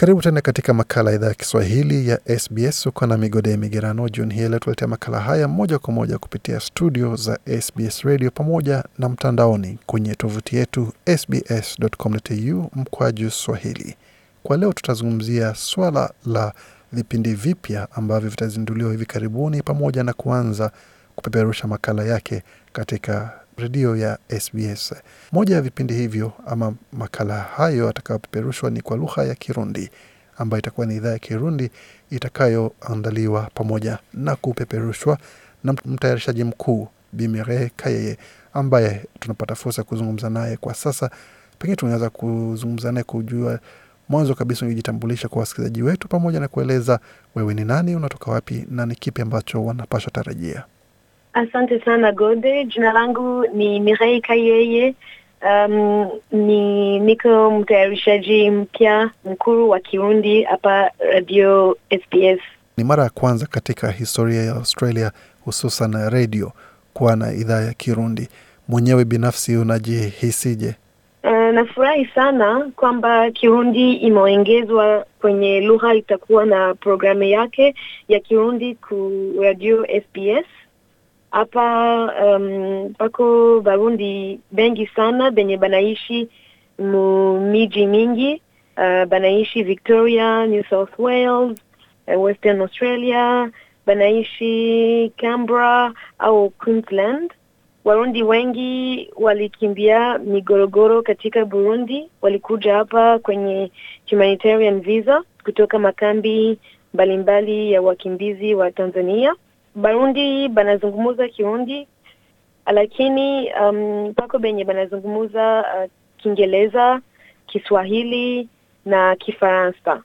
Karibu tena katika makala ya idhaa ya Kiswahili ya SBS. Uko na Migode ya Migerano. Jioni hii letuletea makala haya moja kwa moja kupitia studio za SBS Radio pamoja na mtandaoni kwenye tovuti yetu sbs.com.au mkwaju swahili. Kwa leo tutazungumzia swala la vipindi vipya ambavyo vitazinduliwa hivi karibuni pamoja na kuanza kupeperusha makala yake katika redio ya SBS. Moja ya vipindi hivyo ama makala hayo atakayopeperushwa ni kwa lugha ya Kirundi ambayo itakuwa ni idhaa ya Kirundi itakayoandaliwa pamoja na kupeperushwa na mtayarishaji mkuu Bimere Kayeye ambaye tunapata fursa ya kuzungumza naye kwa sasa. Pengine tunaweza kuzungumza naye kujua mwanzo kabisa ujitambulisha kwa wasikilizaji wetu pamoja na kueleza wewe ni nani, unatoka wapi na ni kipi ambacho wanapashwa tarajia. Asante sana Gode. Jina langu ni Mirei Kayeye. Um, ni niko mtayarishaji mpya mkuu wa Kirundi hapa Radio SBS. Ni mara ya kwanza katika historia ya Australia, hususan redio kuwa na idhaa ya Kirundi. Mwenyewe binafsi unajihisije? Uh, nafurahi sana kwamba Kirundi imeongezwa kwenye lugha, itakuwa na programu yake ya Kirundi ku Radio SBS hapa um, pako Barundi bengi sana benye banaishi mu miji mingi uh, banaishi Victoria, New South Wales, uh, Western Australia, banaishi cambra au Queensland. Warundi wengi walikimbia migorogoro katika Burundi, walikuja hapa kwenye humanitarian visa kutoka makambi mbalimbali ya wakimbizi wa Tanzania. Barundi banazungumuza Kirundi, lakini um, pako benye banazungumuza uh, Kiingereza, Kiswahili na Kifaransa.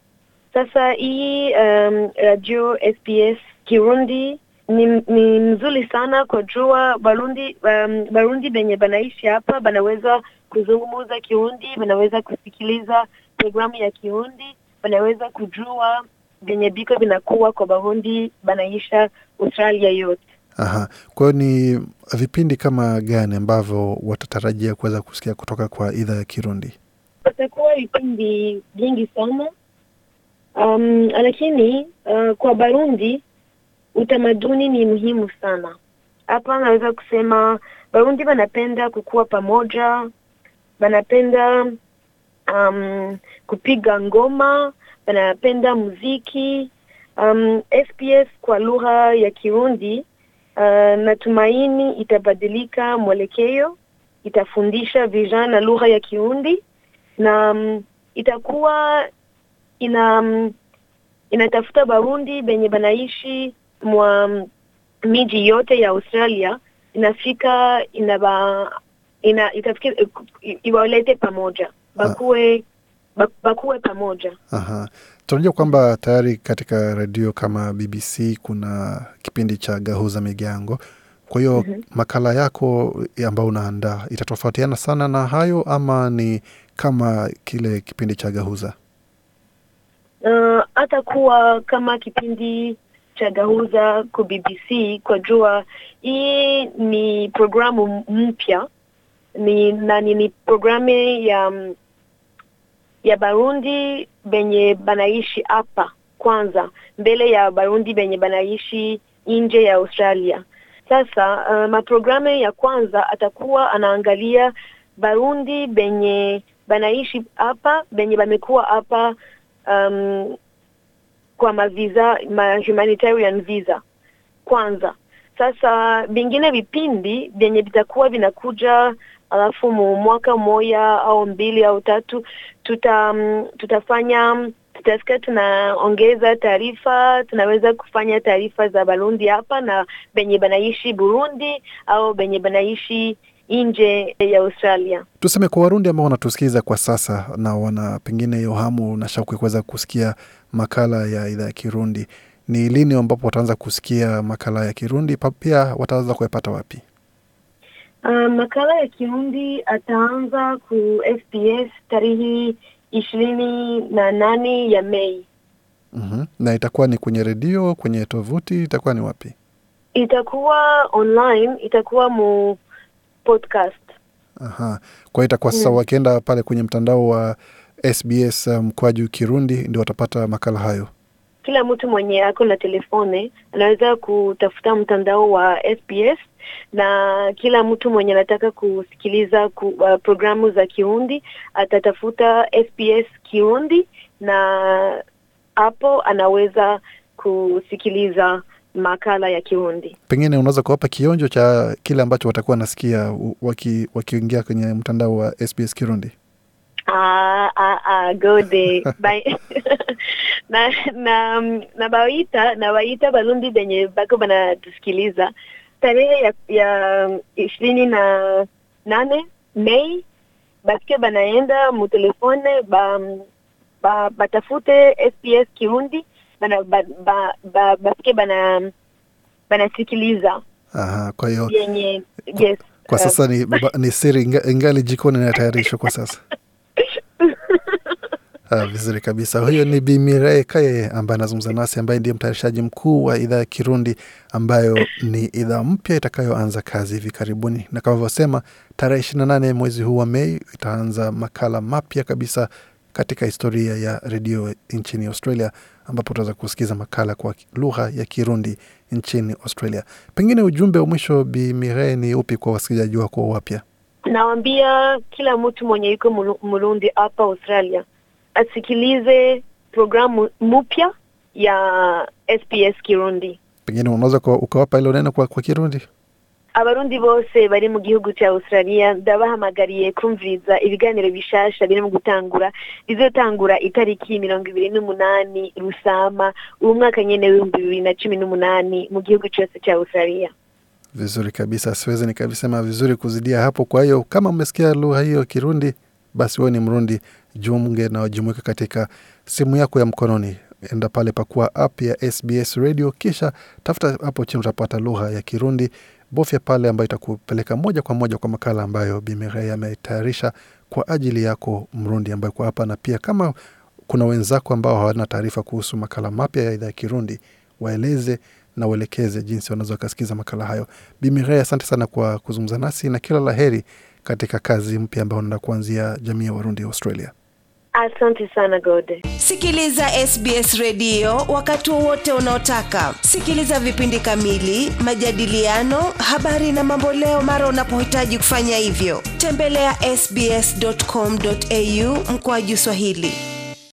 Sasa hii um, radio sps Kirundi ni, ni mzuri sana kwa jua Barundi, um, Barundi benye banaishi hapa banaweza kuzungumuza Kirundi, banaweza kusikiliza programu ya Kirundi, banaweza kujua venye biko vinakuwa kwa Barundi banaisha Australia yote. Aha. Kwa hiyo ni vipindi kama gani ambavyo watatarajia kuweza kusikia kutoka kwa idhaa ya Kirundi? Watakuwa vipindi vingi sana um, lakini uh, kwa Barundi utamaduni ni muhimu sana hapa. Naweza kusema Barundi wanapenda kukua pamoja, wanapenda um, kupiga ngoma, wanapenda muziki Um, SPS kwa lugha ya Kirundi uh, natumaini itabadilika mwelekeo, itafundisha vijana lugha ya Kirundi na um, itakuwa ina um, inatafuta Barundi benye banaishi mwa um, miji yote ya Australia inafika inaba ina, itafika iwalete pamoja ah. bakuwe, bakuwe pamoja. Aha tunajua kwamba tayari katika redio kama BBC kuna kipindi cha Gahuza Migango. Kwa hiyo mm -hmm. makala yako ambayo unaandaa itatofautiana sana na hayo ama ni kama kile kipindi cha Gahuza? Hata uh, kuwa kama kipindi cha Gahuza ku BBC, kwa jua hii ni programu mpya ni na ni programu ya mm, ya Barundi benye banaishi hapa kwanza mbele ya Barundi benye banaishi nje ya Australia. Sasa uh, eh, maprogramu ya kwanza atakuwa anaangalia Barundi benye banaishi hapa benye bamekuwa hapa um, kwa mavisa ma humanitarian visa kwanza sasa vingine vipindi vyenye vitakuwa vinakuja alafu mu mwaka mmoja au mbili au tatu tuta, mm, tutafanya tutasikia tunaongeza taarifa, tunaweza kufanya taarifa za Barundi hapa na venye banaishi Burundi au venye banaishi nje ya Australia. Tuseme kwa Warundi ambao wanatusikiza kwa sasa na wana pengine hiyo hamu na shauku kuweza kusikia makala ya idhaa ya Kirundi, ni lini ambapo wataanza kusikia makala ya Kirundi? Pia wataweza kuyapata wapi? Uh, makala ya Kirundi ataanza ku FPS tarehe ishirini na nane ya Mei. Uhum. Na itakuwa ni kwenye redio, kwenye tovuti, itakuwa ni wapi? Itakuwa online, itakuwa mu podcast. Aha. Kwa hiyo itakuwa mm. sasa, wakienda pale kwenye mtandao wa SBS um, mkwaju Kirundi ndio watapata makala hayo kila mtu mwenye ako na telefone anaweza kutafuta mtandao wa sps na kila mtu mwenye anataka kusikiliza ku, uh, programu za kiundi atatafuta sps kiundi na hapo anaweza kusikiliza makala ya kiundi Pengine unaweza kuwapa kionjo cha kile ambacho watakuwa wanasikia waki, wakiingia kwenye mtandao wa sps Kirundi. Ah, ah, ah, gode na na nabawaita nawaita Barundi venye bako banatusikiliza tarehe ya ya ishirini na nane Mei basike banaenda mutelefone ba, ba batafute SPS Kirundi bana, ba, ba, ba, basike bana banasikiliza. Aha, kwa hiyo yes, kwa sasa ni, ni siri ingali jikoni inatayarishwa kwa sasa Uh, vizuri kabisa. Huyo ni Bi Mirae Kaye ambaye anazungumza nasi, ambaye ndiye mtayarishaji mkuu wa idhaa ya Kirundi ambayo ni idhaa mpya itakayoanza kazi hivi karibuni, na kama vyosema, tarehe nane mwezi huu wa Mei itaanza makala mapya kabisa katika historia ya redio nchini Australia, ambapo utaweza kusikiza makala kwa lugha ya Kirundi nchini Australia. Pengine ujumbe wa mwisho Bi Mirae ni upi kwa wasikilizaji wako wapya? Nawambia kila mtu mwenye iko Murundi hapa Australia asikilize programu mpya ya SPS Kirundi. Pengine unaweza ukawapa ilo neno kwa, kwa Kirundi. abarundi bose bari mu gihugu cya Australia ndabahamagariye kumviriza ibiganiro bishasha biri mu gutangura bizotangura itariki mirongo ibiri n'umunani rusama uwo mwaka nyene w'ibihumbi bibiri na cumi n'umunani mu gihugu cyose cya Australia. Vizuri kabisa, siwezi nikabisema vizuri kuzidia hapo. Kwa hiyo kama mmesikia lugha hiyo Kirundi basi wewe ni Mrundi, jiunge na jumuika katika simu yako ya mkononi. Enda pale pakuwa app ya SBS Radio, kisha tafuta hapo chini, utapata lugha ya Kirundi. Bofya pale ambayo itakupeleka moja kwa moja kwa makala ambayo Bimirei ametayarisha kwa ajili yako Mrundi ambayo kwa hapa, na pia kama kuna wenzako ambao hawana taarifa kuhusu makala mapya ya idhaa ya Kirundi, waeleze na uelekeze jinsi wanaweza wakasikiza makala hayo. Bimirei, asante sana kwa kuzungumza nasi na kila la heri katika kazi mpya ambayo unaenda kuanzia jamii ya Warundi Australia. Asante sana Gode. Sikiliza SBS redio wakati wowote unaotaka. Sikiliza vipindi kamili, majadiliano, habari na mamboleo mara unapohitaji kufanya hivyo. Tembelea ya sbs.com.au mkoaju Swahili.